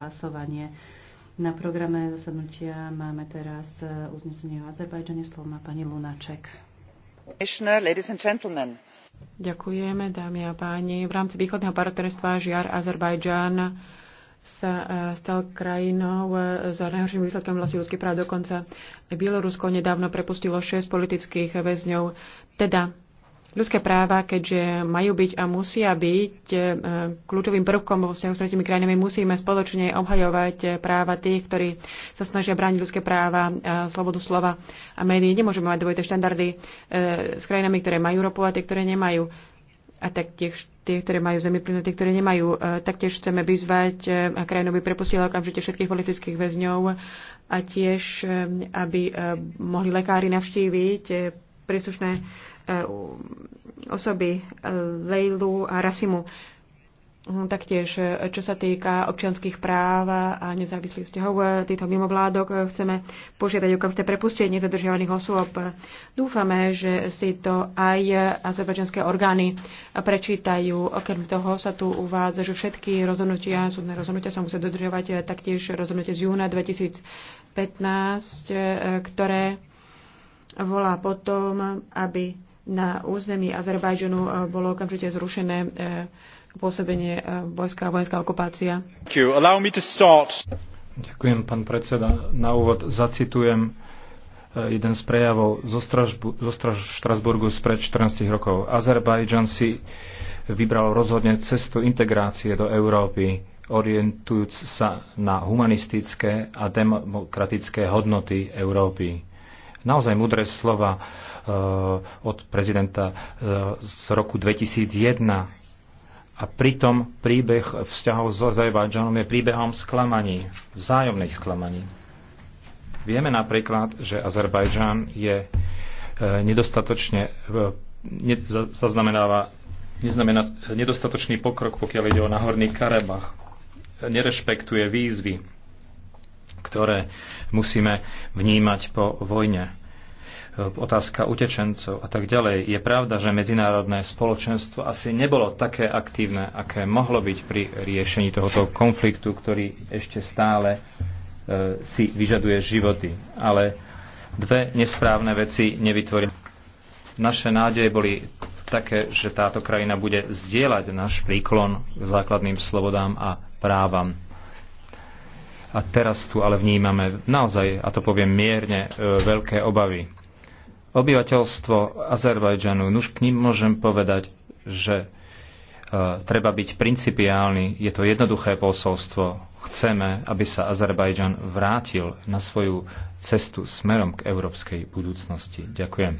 hlasovanie. Na programe zasadnutia máme teraz e, uznesenie o Azerbajdžane. Slovo má pani Lunaček. Ďakujeme, dámy a páni. V rámci východného partnerstva Žiar Azerbajdžan sa e, stal krajinou e, s najhorším výsledkom vlasti ľudských práv. Dokonca Bielorusko nedávno prepustilo šesť politických väzňov. Teda Ľudské práva, keďže majú byť a musia byť e, kľúčovým prvkom vo vzťahu s tretimi krajinami, musíme spoločne obhajovať e, práva tých, ktorí sa snažia brániť ľudské práva, e, slobodu slova a médií. Nemôžeme mať dvojité štandardy s krajinami, ktoré majú ropu a tie, ktoré nemajú a taktiež tie, ktoré majú zemi plynu, tie, ktoré nemajú. Taktiež chceme vyzvať a krajinu by prepustila okamžite všetkých politických väzňov a tiež, aby mohli lekári navštíviť príslušné Eh, osoby Lejlu a Rasimu. No, taktiež, eh, čo sa týka občianských práv a nezávislých vzťahov eh, týchto mimovládok, chceme požiadať okamžité prepustenie zadržiavaných osôb. Dúfame, že si to aj azerbajdžanské orgány prečítajú. Okrem toho sa tu uvádza, že všetky rozhodnutia, súdne rozhodnutia sa musia dodržiavať taktiež rozhodnutie z júna 2015, ktoré volá potom, aby na území Azerbajdžanu eh, bolo okamžite zrušené eh, pôsobenie eh, vojska a vojenská okupácia. Ďakujem, pán predseda. Na úvod zacitujem jeden z prejavov zo, Stražbu, zo Straž, Štrasburgu spred 14 rokov. Azerbajdžan si vybral rozhodne cestu integrácie do Európy, orientujúc sa na humanistické a demokratické hodnoty Európy. Naozaj mudré slova Eh, od prezidenta eh, z roku 2001. A pritom príbeh vzťahov s Azerbajdžanom je príbehom sklamaní, vzájomných sklamaní. Vieme napríklad, že Azerbajdžan je eh, nedostatočne zaznamenáva neznamená nedostatočný pokrok, pokiaľ ide o Nahorný Karabach. Nerešpektuje výzvy, ktoré musíme vnímať po vojne otázka utečencov a tak ďalej. Je pravda, že medzinárodné spoločenstvo asi nebolo také aktívne, aké mohlo byť pri riešení tohoto konfliktu, ktorý ešte stále e, si vyžaduje životy. Ale dve nesprávne veci nevytvorili. Naše nádeje boli také, že táto krajina bude zdieľať náš príklon k základným slobodám a právam. A teraz tu ale vnímame naozaj, a to poviem mierne, e, veľké obavy. Obyvateľstvo Azerbajdžanu, nuž k ním môžem povedať, že e, treba byť principiálny, je to jednoduché posolstvo. Chceme, aby sa Azerbajdžan vrátil na svoju cestu smerom k európskej budúcnosti. Ďakujem.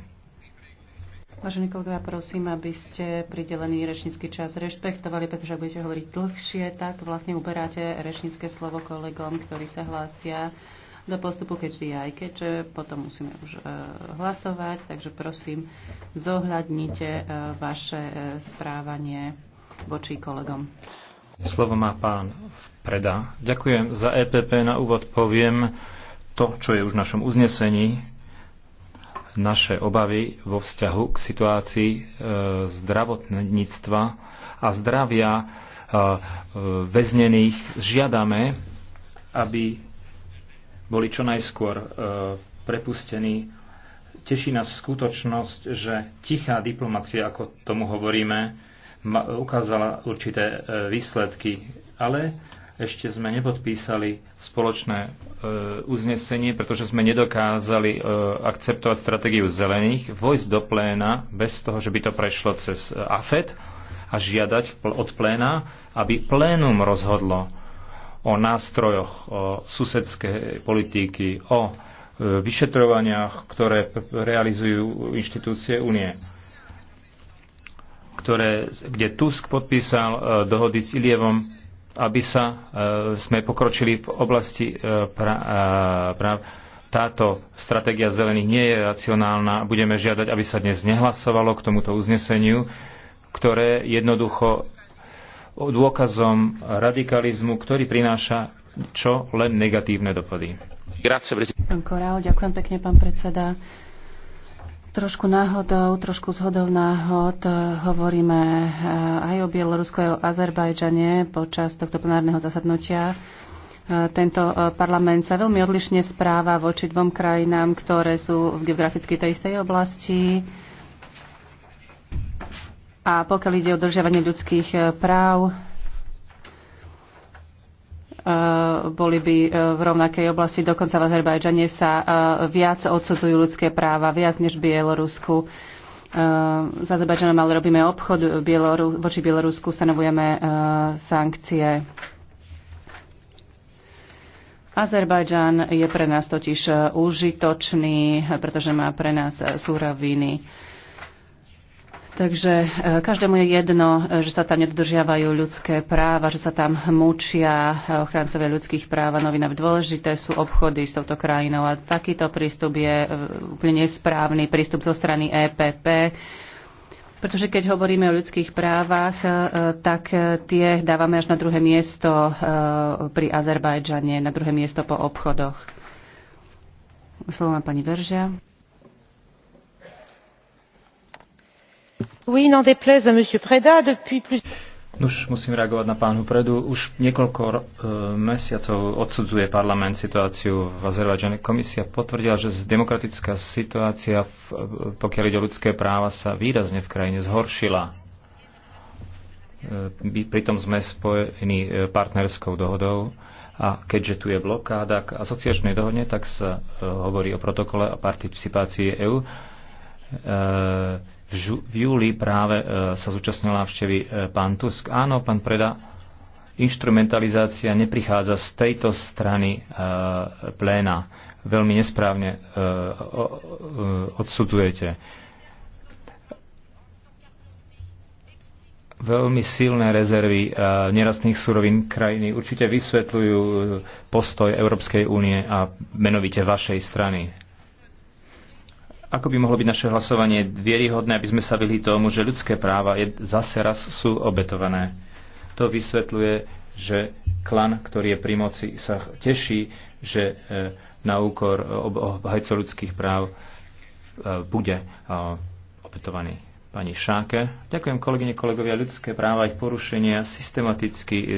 Vážení kolegovia, prosím, aby ste pridelený rečnícky čas rešpektovali, pretože ak budete hovoriť dlhšie, tak vlastne uberáte rečnícke slovo kolegom, ktorí sa hlásia do postupu keďže aj keďže potom musíme už e, hlasovať, takže prosím zohľadnite e, vaše e, správanie voči kolegom. Slovo má pán Preda. Ďakujem za EPP. Na úvod poviem to, čo je už v našom uznesení, naše obavy vo vzťahu k situácii e, zdravotníctva a zdravia e, väznených žiadame, aby boli čo najskôr e, prepustení. Teší nás skutočnosť, že tichá diplomacia, ako tomu hovoríme, ukázala určité e, výsledky, ale ešte sme nepodpísali spoločné e, uznesenie, pretože sme nedokázali akceptovať stratégiu zelených, vojsť do pléna bez toho, že by to prešlo cez AFED a žiadať od pléna, aby plénum rozhodlo o nástrojoch o susedskej politiky, o e, vyšetrovaniach, ktoré realizujú inštitúcie únie ktoré, kde Tusk podpísal e, dohody s Ilievom, aby sa e, sme pokročili v oblasti práv. Táto stratégia zelených nie je racionálna. Budeme žiadať, aby sa dnes nehlasovalo k tomuto uzneseniu, ktoré jednoducho dôkazom radikalizmu, ktorý prináša čo len negatívne dopady. Pán Korál, ďakujem pekne, pán predseda. Trošku náhodou, trošku zhodov náhod eh, hovoríme eh, aj o Bielorusku, aj o Azerbajdžane počas tohto plenárneho zasadnutia. Eh, tento parlament sa veľmi odlišne správa voči dvom krajinám, ktoré sú v geograficky tej istej oblasti a pokiaľ ide o držiavanie ľudských e, práv, e, boli by e, v rovnakej oblasti, dokonca v Azerbajdžane sa viac odsudzujú ľudské práva, viac než Bielorusku. S Azerbajdžanom ale robíme obchod, Bieloru, voči Bielorusku stanovujeme sankcie. Azerbajdžan je pre nás totiž užitočný, pretože má pre nás súroviny Takže e, každému je jedno, e, že sa tam nedodržiavajú ľudské práva, že sa tam mučia e, ochrancovia ľudských práv a novinov. Dôležité sú obchody s touto krajinou a takýto prístup je úplne nesprávny prístup zo strany EPP. Pretože keď hovoríme o ľudských právach, tak tie dávame až na druhé miesto pri Azerbajdžane, na druhé miesto po obchodoch. Slovo má pani Veržia. musím reagovať na pánu Predu. Už niekoľko e, mesiacov odsudzuje parlament situáciu v Azerbajdžane. Komisia potvrdila, že demokratická situácia, v, e, pokiaľ ide o ľudské práva, sa výrazne v krajine zhoršila. E, pritom sme spojení partnerskou dohodou a keďže tu je blokáda k asociačnej dohodne, tak sa hovorí o protokole a participácii EÚ. E, v, žu, v júli práve e, sa zúčastnil návštevy e, pán Tusk. Áno, pán Preda, instrumentalizácia neprichádza z tejto strany e, pléna. Veľmi nesprávne odsudzujete. veľmi silné rezervy nerastných surovín krajiny určite vysvetľujú postoj Európskej únie a menovite vašej strany. Ako by mohlo byť naše hlasovanie dvieryhodné, aby sme sa vyhli tomu, že ľudské práva je, zase raz sú obetované? To vysvetľuje, že klan, ktorý je pri moci, sa teší, že e, na úkor e, obhajcov ľudských práv e, bude obetovaný pani Šáke. Ďakujem kolegyne, kolegovia. Ľudské práva ich porušenia systematicky e,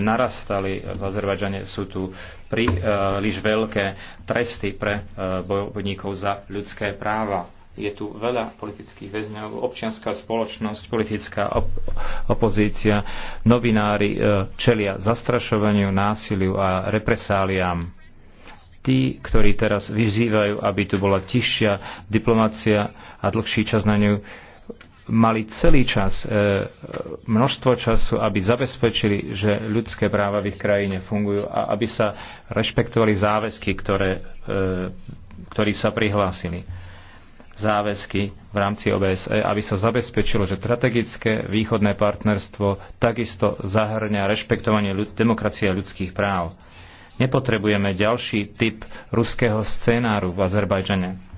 narastali v Azerbajdžane. Sú tu príliš e, veľké tresty pre e, bojovníkov za ľudské práva. Je tu veľa politických väzňov, občianská spoločnosť, politická op- opozícia, novinári čelia zastrašovaniu, násiliu a represáliám tí, ktorí teraz vyzývajú, aby tu bola tišia diplomácia a dlhší čas na ňu, mali celý čas, e, e, množstvo času, aby zabezpečili, že ľudské práva v ich krajine fungujú a aby sa rešpektovali záväzky, ktoré, e, ktorí sa prihlásili. Záväzky v rámci OBSE, aby sa zabezpečilo, že strategické východné partnerstvo takisto zahrňa rešpektovanie ľud- demokracie a ľudských práv. Nepotrebujeme ďalší typ ruského scénáru v Azerbajdžane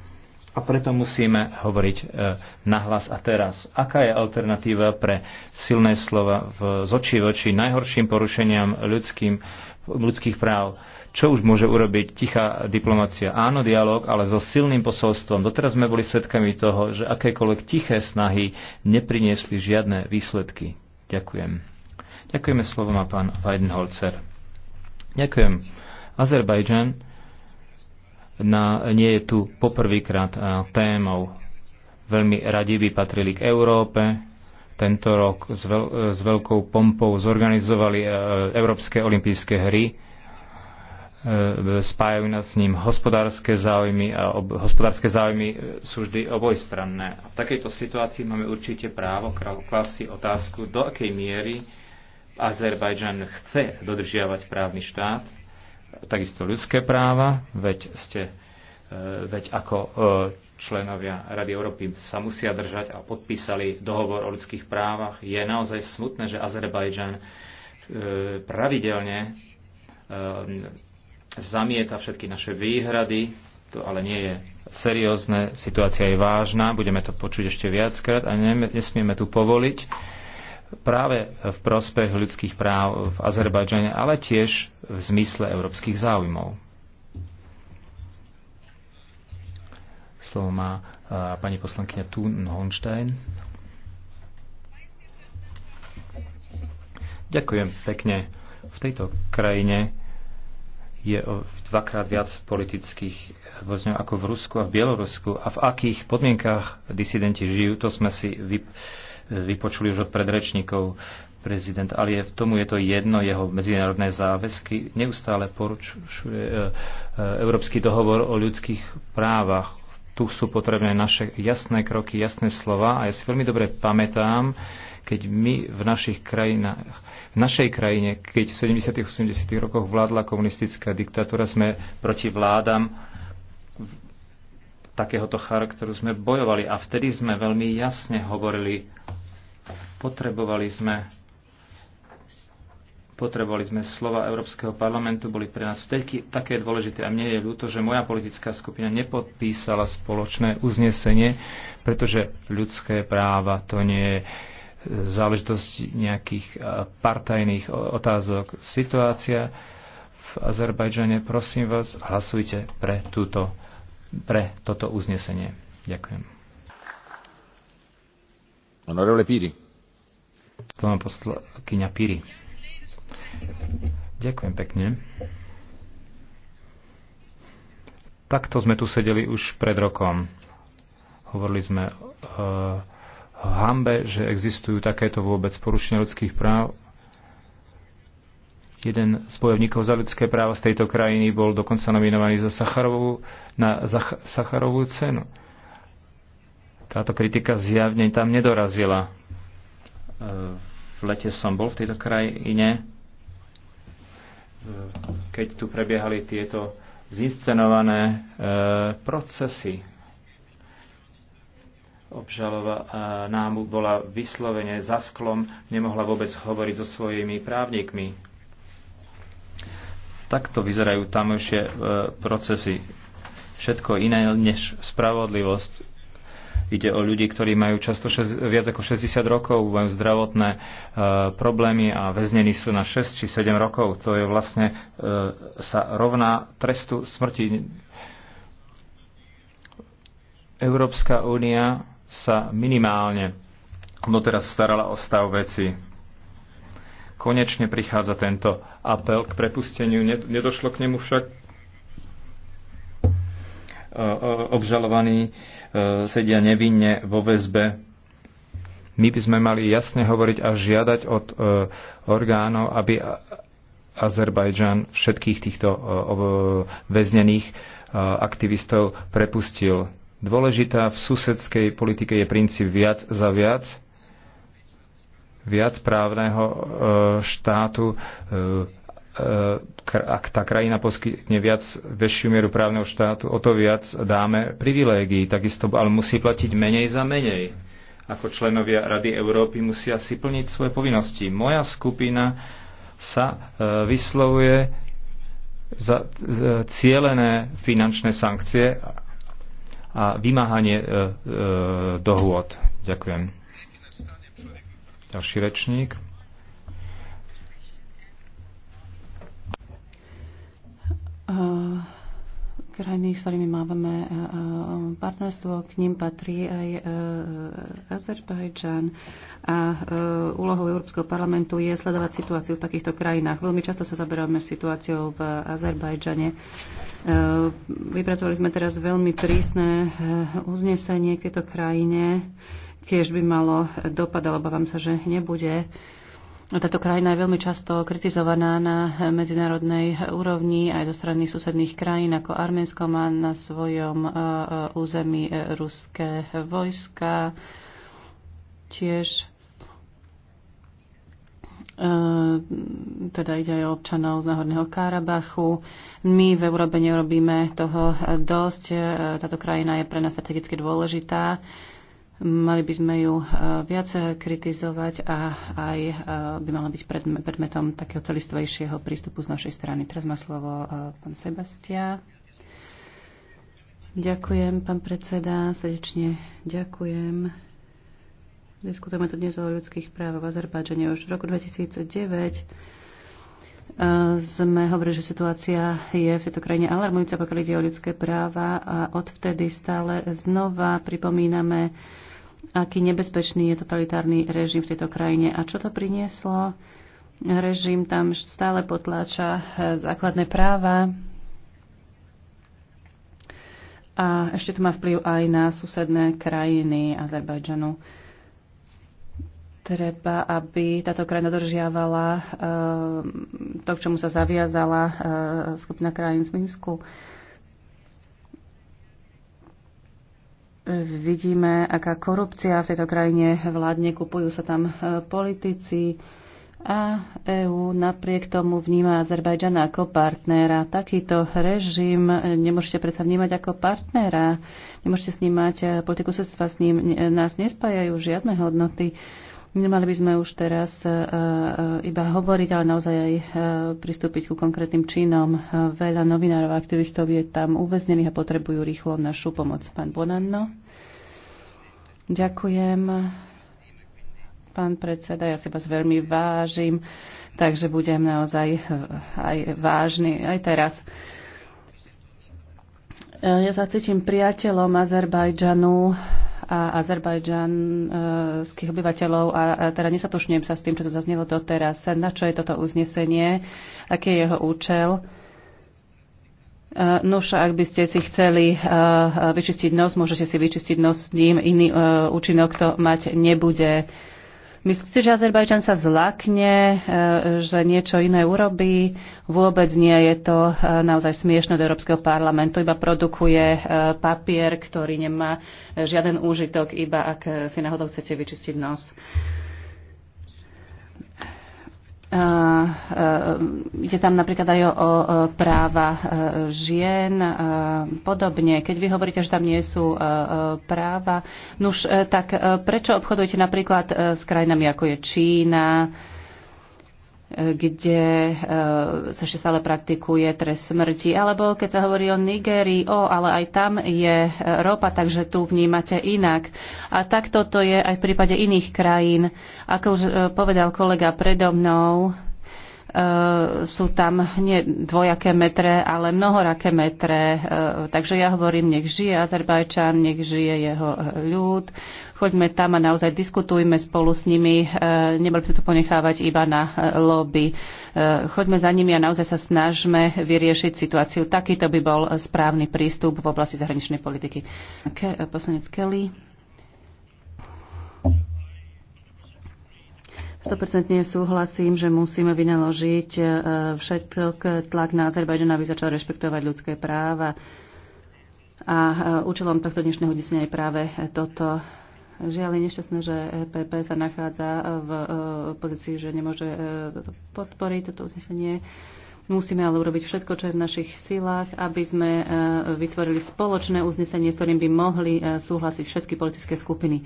a preto musíme hovoriť e, nahlas a teraz. Aká je alternatíva pre silné slova v, zoči voči oči najhorším porušeniam ľudským, ľudských práv? Čo už môže urobiť tichá diplomacia? Áno, dialog, ale so silným posolstvom. Doteraz sme boli svedkami toho, že akékoľvek tiché snahy nepriniesli žiadne výsledky. Ďakujem. Ďakujeme slovo má pán Weidenholzer. Ďakujem. Azerbajdžan na, nie je tu poprvýkrát témou. Veľmi radi by patrili k Európe. Tento rok s, veľ, s veľkou pompou zorganizovali e, Európske olympijské hry. E, spájajú nás s ním hospodárske záujmy a ob, hospodárske záujmy e, sú vždy obojstranné. A v takejto situácii máme určite právo klasi otázku, do akej miery Azerbajdžan chce dodržiavať právny štát takisto ľudské práva, veď ste e, veď ako e, členovia Rady Európy sa musia držať a podpísali dohovor o ľudských právach. Je naozaj smutné, že Azerbajdžan e, pravidelne zamieta všetky naše výhrady, to ale nie je seriózne, situácia je vážna, budeme to počuť ešte viackrát a nesmieme tu povoliť, práve v prospech ľudských práv v Azerbajdžane, ale tiež v zmysle európskych záujmov. Slovo má e, pani poslankyňa Thun Honstein. Ďakujem pekne. V tejto krajine je dvakrát viac politických vozňov ako v Rusku a v Bielorusku. A v akých podmienkách disidenti žijú, to sme si vypovedali vypočuli už od predrečníkov. Prezident Aliev, tomu je to jedno, jeho medzinárodné záväzky neustále poručuje e, e, Európsky dohovor o ľudských právach. Tu sú potrebné naše jasné kroky, jasné slova a ja si veľmi dobre pamätám, keď my v našich krajinách, v našej krajine, keď v 70. 80. rokoch vládla komunistická diktatúra, sme proti vládam takéhoto charakteru sme bojovali a vtedy sme veľmi jasne hovorili, potrebovali sme potrebovali sme slova Európskeho parlamentu, boli pre nás vtedy také dôležité. A mne je ľúto, že moja politická skupina nepodpísala spoločné uznesenie, pretože ľudské práva to nie je e, záležitosť nejakých e, partajných otázok. Situácia v Azerbajdžane, prosím vás, hlasujte pre túto pre toto uznesenie. Ďakujem. Honorable Piri. Slovo poslankyňa Piri. Ďakujem pekne. Takto sme tu sedeli už pred rokom. Hovorili sme uh, hambe, že existujú takéto vôbec porušenia ľudských práv Jeden z bojovníkov za ľudské práva z tejto krajiny bol dokonca nominovaný za Sacharovú, na za Sacharovú cenu. Táto kritika zjavne tam nedorazila. E, v lete som bol v tejto krajine, e, keď tu prebiehali tieto zinscenované e, procesy. Obžalova nám bola vyslovene za sklom, nemohla vôbec hovoriť so svojimi právnikmi Takto vyzerajú tamojšie e, procesy. Všetko iné než spravodlivosť. Ide o ľudí, ktorí majú často šest, viac ako 60 rokov, majú zdravotné e, problémy a väznení sú na 6 či 7 rokov. To je vlastne e, sa rovná trestu smrti. Európska únia sa minimálne doteraz starala o stav veci Konečne prichádza tento apel k prepusteniu. Nedošlo k nemu však obžalovaní sedia nevinne vo väzbe. My by sme mali jasne hovoriť a žiadať od e, orgánov, aby Azerbajdžan všetkých týchto e, väznených e, aktivistov prepustil. Dôležitá v susedskej politike je princíp viac za viac viac právneho e, štátu, e, e, ak tá krajina poskytne viac väčšiu mieru právneho štátu, o to viac dáme privilégií. Takisto ale musí platiť menej za menej. Ako členovia Rady Európy musia si plniť svoje povinnosti. Moja skupina sa vyslovuje za cielené finančné sankcie a vymáhanie dohôd. Ďakujem. Ďalší rečník. krajiny, s ktorými máme partnerstvo, k ním patrí aj Azerbajdžan a úlohou Európskeho parlamentu je sledovať situáciu v takýchto krajinách. Veľmi často sa zaberáme situáciou v Azerbajdžane. Vypracovali sme teraz veľmi prísne e, uznesenie k tejto krajine, tiež by malo dopad, ale obávam sa, že nebude. Táto krajina je veľmi často kritizovaná na medzinárodnej úrovni aj zo strany susedných krajín, ako Arménsko má na svojom e, e, území e, ruské vojska. Tiež teda ide aj o občanov z Náhorného Karabachu. My v Európe nerobíme toho dosť. Táto krajina je pre nás strategicky dôležitá Mali by sme ju eh, viac eh, kritizovať a aj eh, by mala byť predmetom takého celistvejšieho prístupu z našej strany. Teraz má slovo pán Sebastia. Ďakujem, pán predseda, srdečne ďakujem. Diskutujeme tu dnes o ľudských právach v Azerbajdžane. Už v roku 2009 sme hovorili, že situácia je v tejto krajine alarmujúca, pokiaľ ide o ľudské práva a odvtedy stále znova pripomíname, aký nebezpečný je totalitárny režim v tejto krajine a čo to prinieslo. Režim tam stále potláča základné práva a ešte to má vplyv aj na susedné krajiny Azerbajdžanu. Treba, aby táto krajina dodržiavala eh, to, k čomu sa zaviazala eh, skupina krajín z Minsku. Vidíme, aká korupcia v tejto krajine vládne, kupujú sa tam eh, politici a EÚ napriek tomu vníma Azerbajdžana ako partnera. Takýto režim nemôžete predsa vnímať ako partnera. Nemôžete s ním mať politiku sredstva, s ním nás nespájajú žiadne hodnoty. Nemali by sme už teraz e, e, iba hovoriť, ale naozaj aj e, pristúpiť ku konkrétnym činom. Veľa novinárov a aktivistov je tam uväznených a potrebujú rýchlo našu pomoc. Pán Bonanno. Ďakujem. Pán predseda, ja si vás veľmi vážim, takže budem naozaj aj vážny aj teraz. Ja sa cítim priateľom Azerbajdžanu a azerbajdžanských obyvateľov a teda nesatočňujem sa s tým, čo to zaznelo doteraz. Na čo je toto uznesenie? Aký je jeho účel? však e, ak by ste si chceli e, vyčistiť nos, môžete si vyčistiť nos s ním. Iný e, účinok to mať nebude. Myslíte, že Azerbajďan sa zlakne, e, že niečo iné urobí? Vôbec nie je to e, naozaj smiešne do Európskeho parlamentu. Iba produkuje e, papier, ktorý nemá žiaden úžitok, iba ak si náhodou chcete vyčistiť nos. Ide tam napríklad aj o práva e, žien podobne. Keď vy hovoríte, že tam nie sú e, e, práva, nuž tak prečo obchodujete napríklad s krajinami ako je Čína, kde e, sa ešte stále praktikuje trest smrti, alebo keď sa hovorí o Nigérii, o, ale aj tam je ropa, takže tu vnímate inak. A takto to je aj v prípade iných krajín. Ako už e, povedal kolega predo mnou, Eh, sú tam nie dvojaké metre, ale mnohoraké metre. Eh, takže ja hovorím, nech žije Azerbajčan, nech žije jeho eh, ľud. Choďme tam a naozaj diskutujme spolu s nimi. Nemali by sa to ponechávať iba na lobby. Choďme za nimi a naozaj sa snažme vyriešiť situáciu. Takýto by bol správny prístup v oblasti zahraničnej politiky. Poslanec Kelly. 100% súhlasím, že musíme vynaložiť e, všetok tlak na Azerbajdžan, aby začal rešpektovať ľudské práva. A e, účelom tohto dnešného desenia je práve toto. Žiaľ je nešťastné, že PP e sa nachádza v pozícii, že nemôže podporiť toto uznesenie. Musíme ale urobiť všetko, čo je v našich silách, aby sme vytvorili spoločné uznesenie, s ktorým by mohli súhlasiť všetky politické skupiny.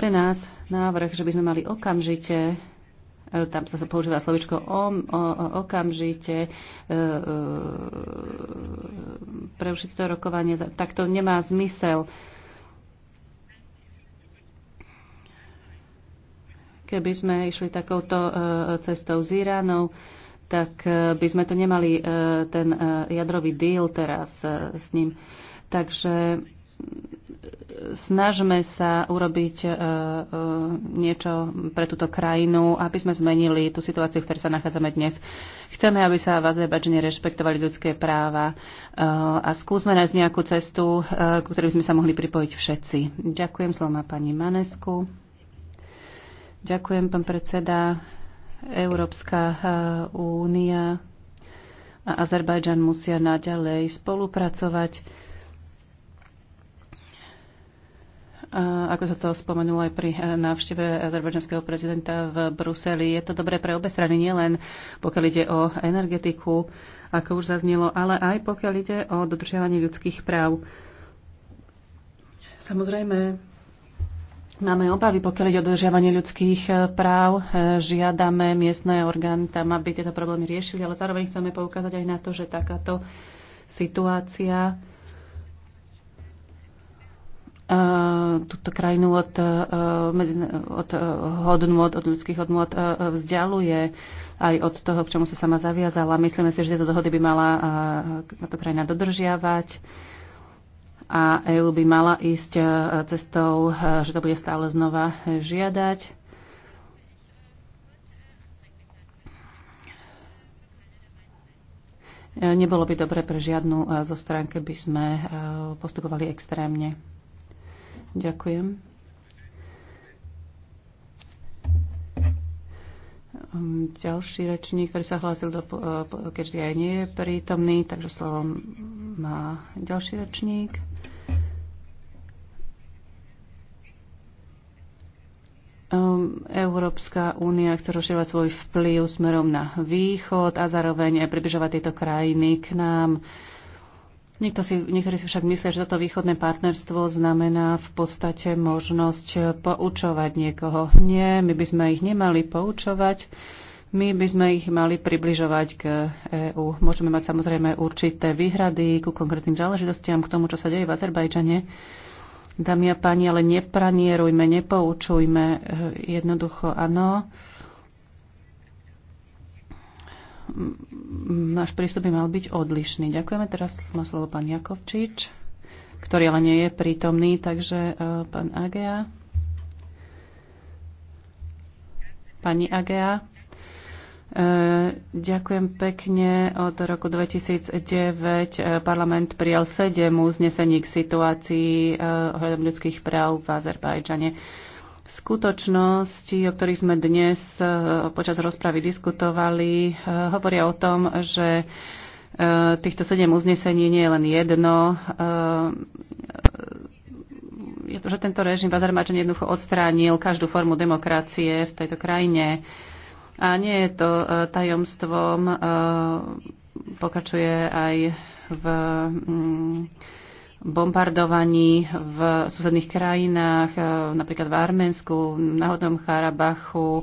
Pre nás návrh, že by sme mali okamžite e, tam sa používa slovičko o, o, okamžite, e, e, preušiť to rokovanie, tak to nemá zmysel. Keby sme išli takouto e, cestou z Iránou, tak e, by sme to nemali e, ten e, jadrový deal teraz e, s ním. Takže snažme sa urobiť e, e, niečo pre túto krajinu, aby sme zmenili tú situáciu, v ktorej sa nachádzame dnes. Chceme, aby sa v Azerbajdžane rešpektovali ľudské práva e, a skúsme nájsť nejakú cestu, k ktorej by sme sa mohli pripojiť všetci. Ďakujem, slovo má pani Manesku. Ďakujem, pán predseda. Európska únia a Azerbajdžan musia naďalej spolupracovať ako sa to spomenulo aj pri e, návšteve azerbajdžanského prezidenta v Bruseli. Je to dobré pre obe strany, nielen pokiaľ ide o energetiku, ako už zaznelo, ale aj pokiaľ ide o dodržiavanie ľudských práv. Samozrejme, máme obavy, pokiaľ ide o dodržiavanie ľudských e, práv. E, žiadame miestne orgány tam, aby tieto problémy riešili, ale zároveň chceme poukázať aj na to, že takáto situácia E, túto krajinu od, e, od e, hodnot, od ľudských hodnot vzdialuje aj od toho, k čomu sa sama zaviazala. Myslíme si, že tieto dohody by mala táto krajina dodržiavať a EÚ by mala ísť cestou, že to bude stále znova žiadať. Nebolo by dobre pre žiadnu zo strán, keby sme postupovali extrémne. Ďakujem. Ehm, ďalší rečník, ktorý sa hlásil, do, eh, keďže aj nie je prítomný, takže slovo má ďalší rečník. Ehm, Európska únia chce rozširovať svoj vplyv smerom na východ a zároveň približovať tieto krajiny k nám. Niekto si, niektorí si však myslia, že toto východné partnerstvo znamená v podstate možnosť poučovať niekoho. Nie, my by sme ich nemali poučovať, my by sme ich mali približovať k EÚ. Môžeme mať samozrejme určité výhrady ku konkrétnym záležitostiam, k tomu, čo sa deje v Azerbajdžane. Dámy a páni, ale nepranierujme, nepoučujme. E, jednoducho áno náš prístup by mal byť odlišný. Ďakujeme. Teraz má slovo pán Jakovčič, ktorý ale nie je prítomný, takže e, pán Agea. Pani Agea. E, ďakujem pekne. Od roku 2009 e, parlament prijal sedem uznesení k situácii ohľadom ľudských práv v Azerbajdžane. Skutočnosti, o ktorých sme dnes e, počas rozpravy diskutovali, e, hovoria o tom, že e, týchto sedem uznesení nie je len jedno. Je to, že tento režim v jednoducho odstránil každú formu demokracie v tejto krajine. A nie je to tajomstvom, pokračuje aj v mm, bombardovaní v susedných krajinách, e, napríklad v Arménsku, v Hodnom Karabachu. E,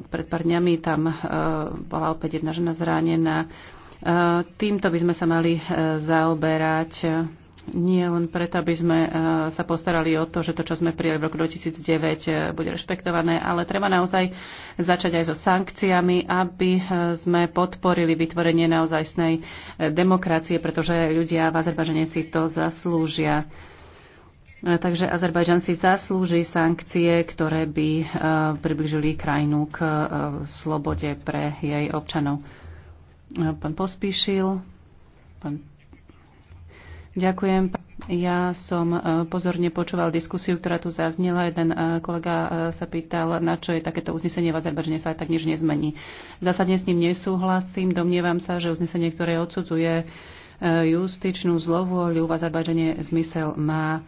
pred pár dňami tam e, bola opäť jedna žena zranená. Týmto by sme sa mali zaoberať nie len preto, aby sme e, sa postarali o to, že to, čo sme prijali v roku 2009, e, bude rešpektované, ale treba naozaj začať aj so sankciami, aby e, sme podporili vytvorenie naozajstnej demokracie, pretože ľudia v Azerbažene si to zaslúžia. Takže Azerbajdžan si zaslúži sankcie, ktoré by približili krajinu k slobode pre jej občanov. Pán Pospíšil, pán Ďakujem. Ja som e, pozorne počúval diskusiu, ktorá tu zaznela. Jeden e, kolega e, sa pýtal, na čo je takéto uznesenie v Azerbažne sa aj tak nič nezmení. Zásadne s ním nesúhlasím. Domnievam sa, že uznesenie, ktoré odsudzuje justičnú zlovôľu v Azerbajdžane zmysel má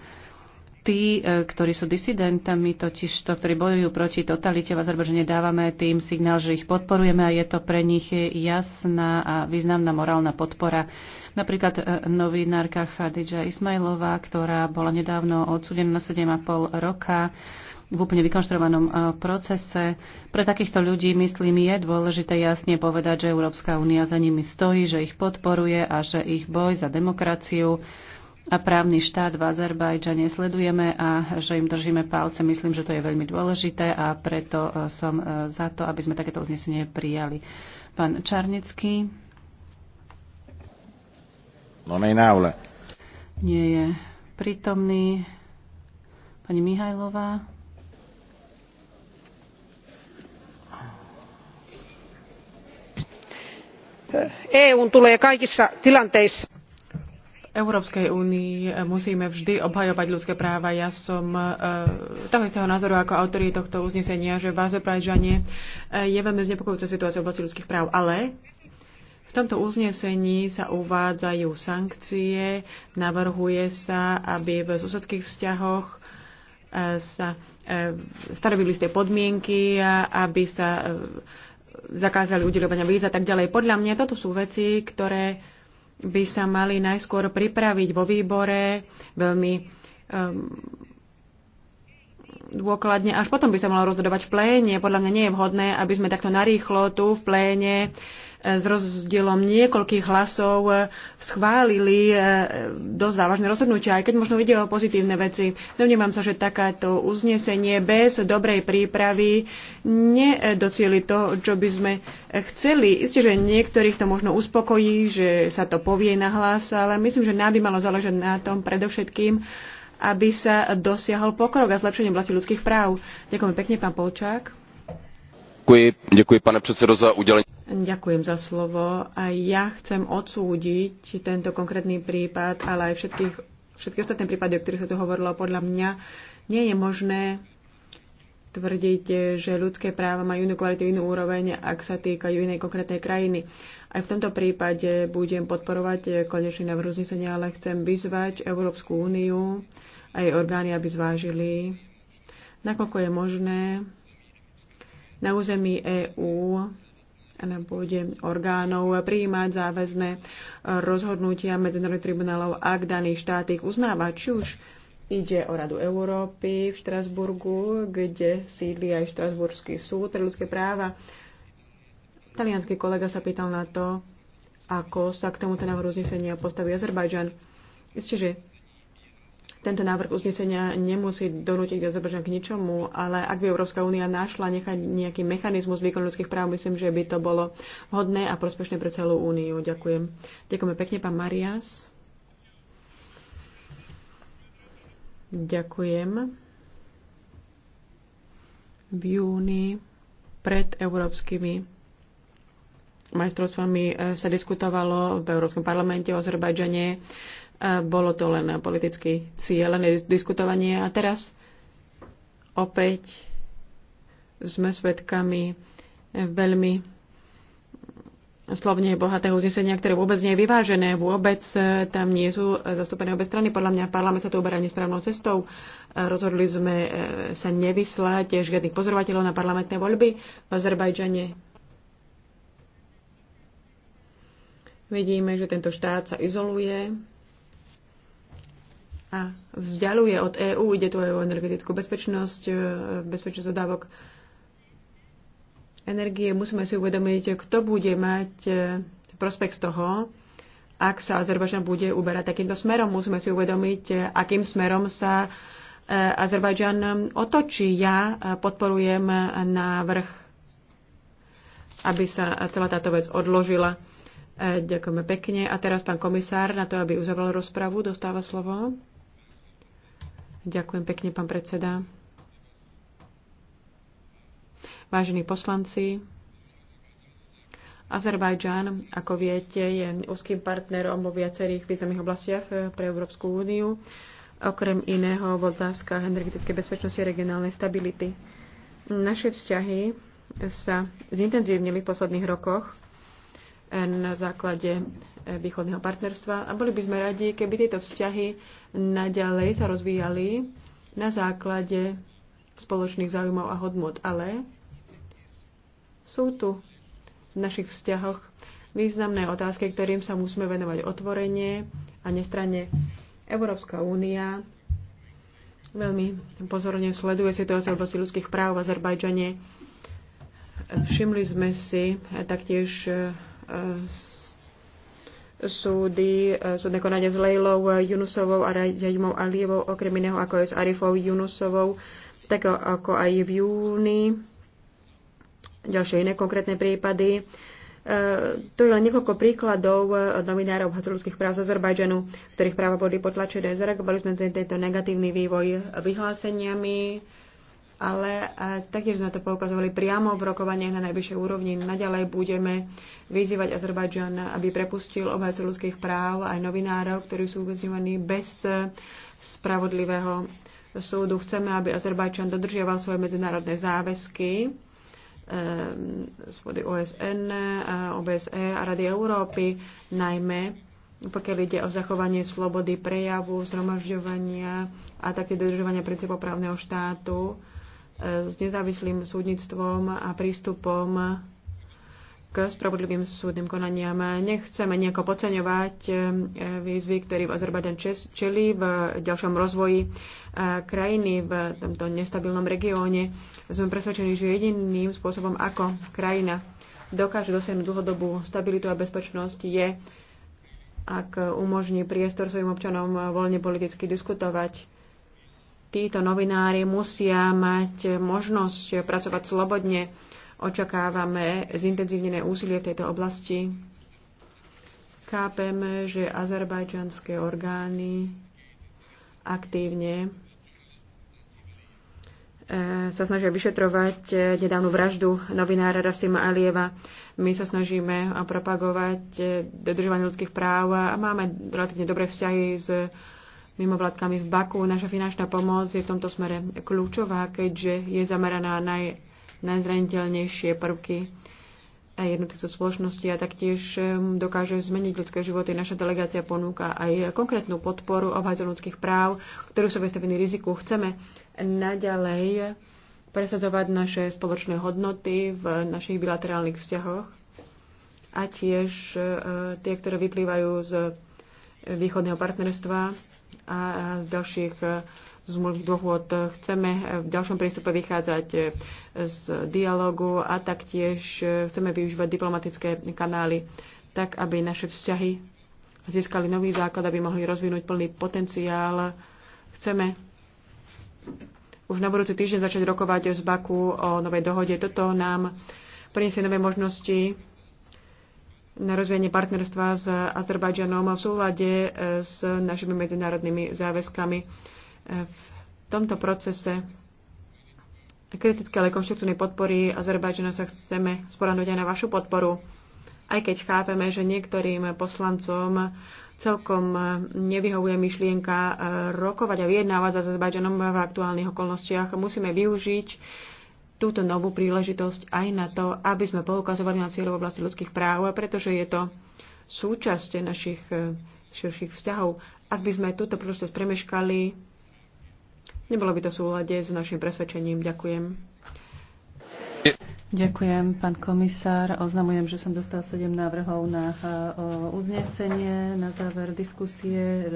tí, e, ktorí sú disidentami, totiž to, ktorí bojujú proti totalite v Azerbažane, dávame tým signál, že ich podporujeme a je to pre nich jasná a významná morálna podpora. Napríklad e, novinárka Khadija Ismailová, ktorá bola nedávno odsudená na 7,5 roka v úplne vykonštruovanom e, procese. Pre takýchto ľudí, myslím, je dôležité jasne povedať, že Európska únia za nimi stojí, že ich podporuje a že ich boj za demokraciu a právny štát v Azerbajdžane sledujeme a že im držíme palce. Myslím, že to je veľmi dôležité a preto e, som e, za to, aby sme takéto uznesenie prijali. Pán Čarnický. No, nie je prítomný. Pani Mihajlová. EUn e tulee kaikissa tilanteissa Európskej únii musíme vždy obhajovať ľudské práva. Ja som e, toho istého názoru ako autori tohto uznesenia, že v Azerbajdžane eh, je veľmi znepokojúca situácia v oblasti ľudských práv, ale v tomto uznesení sa uvádzajú sankcie, navrhuje sa, aby v susedských vzťahoch eh, sa stanovili ste podmienky, aby sa zakázali udeľovania víz a tak ďalej. Podľa mňa toto sú veci, ktoré by sa mali najskôr pripraviť vo výbore veľmi um, dôkladne, až potom by sa malo rozhodovať v pléne. Podľa mňa nie je vhodné, aby sme takto narýchlo tu v pléne s rozdielom niekoľkých hlasov e, schválili e, dosť závažné rozhodnutia, aj keď možno ide o pozitívne veci. Domnievam sa, že takáto uznesenie bez dobrej prípravy nedocieli to, čo by sme chceli. Isté, že niektorých to možno uspokojí, že sa to povie na hlas, ale myslím, že nám by malo záležať na tom predovšetkým, aby sa dosiahol pokrok a zlepšenie vlastných ľudských práv. Ďakujem pekne, pán Polčák. Ďakujem, ďakujem pane predsedo, za udelenie Ďakujem za slovo. A ja chcem odsúdiť tento konkrétny prípad, ale aj všetkých, všetky ostatné prípady, o ktorých sa tu hovorilo, podľa mňa nie je možné tvrdiť, že ľudské práva majú inú kvalitu, inú úroveň, ak sa týkajú inej konkrétnej krajiny. Aj v tomto prípade budem podporovať konečný návrh uznesenia, ale chcem vyzvať Európsku úniu a jej orgány, aby zvážili, nakoľko je možné na území EÚ na pôde orgánov prijímať záväzné rozhodnutia medzinárodných tribunálov, ak daný štát ich uznáva, či už Ide o Radu Európy v Štrasburgu, kde sídli aj Štrasburský súd pre ľudské práva. Talianský kolega sa pýtal na to, ako sa k tomuto návrhu uznesenia postaví Azerbajdžan. Isté, že tento návrh uznesenia nemusí donútiť Azerbajdžan k ničomu, ale ak by Európska únia našla nechať nejaký mechanizmus výkonu ľudských práv, myslím, že by to bolo hodné a prospešné pre celú úniu. Ďakujem. Ďakujeme pekne, pán Marias. Ďakujem. V júni pred európskymi majstrovstvami eh, sa diskutovalo v Európskom parlamente o Azerbajdžane. Bolo to len politicky cieľené diskutovanie a teraz opäť sme svedkami veľmi slovne bohatého uznesenia, ktoré vôbec nie je vyvážené. Vôbec tam nie sú zastúpené obe strany. Podľa mňa parlament sa to uberá nesprávnou cestou. Rozhodli sme eh, sa nevyslať žiadnych pozorovateľov na parlamentné voľby v Azerbajdžane. Vidíme, že tento štát sa izoluje a vzdialuje od EÚ. Ide tu aj o energetickú bezpečnosť, e, bezpečnosť dodávok energie. Musíme si uvedomiť, kto bude mať e, prospekt z toho, ak sa Azerbajdžan bude uberať takýmto smerom. Musíme si uvedomiť, e, akým smerom sa Azerbajdžan otočí. Ja podporujem návrh, aby sa celá táto vec odložila. Ďakujeme pekne. A teraz pán komisár na to, aby uzavrel rozpravu, dostáva slovo. Ďakujem pekne, pán predseda. Vážení poslanci, Azerbajdžan, ako viete, je úzkým partnerom vo viacerých významných oblastiach eh, pre Európsku úniu, okrem iného v otázkach energetickej bezpečnosti a regionálnej stability. Naše vzťahy sa zintenzívnili v posledných rokoch na základe e, východného partnerstva a boli by sme radi, keby tieto vzťahy naďalej sa rozvíjali na základe spoločných záujmov a hodnot. Ale sú tu v našich vzťahoch významné otázky, ktorým sa musíme venovať otvorenie a nestranne. Európska únia veľmi pozorne sleduje situáciu v oblasti ľudských práv v Azerbajdžane. Všimli sme si taktiež e, súdy, e, súdne konanie s Lejlou Junusovou e, a Rajimou Alievou, okrem iného ako aj s Arifou Junusovou, tak ako aj v júni. Ďalšie iné konkrétne prípady. E, to je len niekoľko príkladov novinárov ľudských práv z Azerbajdžanu, ktorých práva boli potlačené. Zareagovali sme teda tento negatívny vývoj vyhláseniami, ale e, taktiež na to poukazovali priamo v rokovaniach na najvyššej úrovni. Naďalej budeme vyzývať Azerbajdžan, aby prepustil obhajcu ľudských práv aj novinárov, ktorí sú uväzňovaní bez e, spravodlivého súdu. Chceme, aby Azerbajdžan dodržiaval svoje medzinárodné záväzky e, z vody OSN, OBSE a Rady Európy, najmä pokiaľ ide o zachovanie slobody prejavu, zhromažďovania a také dodržovanie princípov právneho štátu s nezávislým súdnictvom a prístupom k spravodlivým súdnym konaniam. Nechceme nejako podceňovať eh, výzvy, ktorý v Azerbajdžan čeli v ďalšom rozvoji eh, krajiny v tomto nestabilnom regióne. Sme presvedčení, že jediným spôsobom, ako krajina dokáže dosiahnuť dlhodobú stabilitu a bezpečnosť, je, ak umožní priestor svojim občanom voľne politicky diskutovať títo novinári musia mať možnosť pracovať slobodne. Očakávame zintenzívnené úsilie v tejto oblasti. Kápeme, že azerbajdžanské orgány aktívne e, sa snažia vyšetrovať e, nedávnu vraždu novinára Rasima Alieva. My sa snažíme propagovať e, dodržovanie ľudských práv a máme relatívne dobré vzťahy s mimovládkami v Baku. Naša finančná pomoc je v tomto smere kľúčová, keďže je zameraná na najzraniteľnejšie prvky a jednotlivcov spoločnosti a taktiež um, dokáže zmeniť ľudské životy. Naša delegácia ponúka aj konkrétnu podporu obhajcov ľudských práv, ktorú sú vystavení riziku. Chceme naďalej presadzovať naše spoločné hodnoty v našich bilaterálnych vzťahoch a tiež uh, tie, ktoré vyplývajú z východného partnerstva a z ďalších e, zmluvných dohôd. Chceme v ďalšom prístupe vychádzať e, z dialogu a taktiež e, chceme využívať diplomatické kanály tak, aby naše vzťahy získali nový základ, aby mohli rozvinúť plný potenciál. Chceme už na budúci týždeň začať rokovať z Baku o novej dohode. Toto nám priniesie nové možnosti na rozvíjanie partnerstva s Azerbajdžanom v súlade eh, s našimi medzinárodnými záväzkami. Eh, v tomto procese kritické, ale konštruktívnej podpory Azerbajdžana sa chceme sporanúť aj na vašu podporu. Aj keď chápeme, že niektorým poslancom celkom nevyhovuje myšlienka eh, rokovať a vyjednávať s Azerbajdžanom v aktuálnych okolnostiach, musíme využiť túto novú príležitosť aj na to, aby sme poukazovali na cieľov oblasti ľudských práv, a pretože je to súčasť našich eh, širších vzťahov. Ak by sme túto príležitosť premeškali, nebolo by to v súhľade s našim presvedčením. Ďakujem. Ďakujem, pán komisár. Oznamujem, že som dostal 7 návrhov na eh, uznesenie na záver diskusie.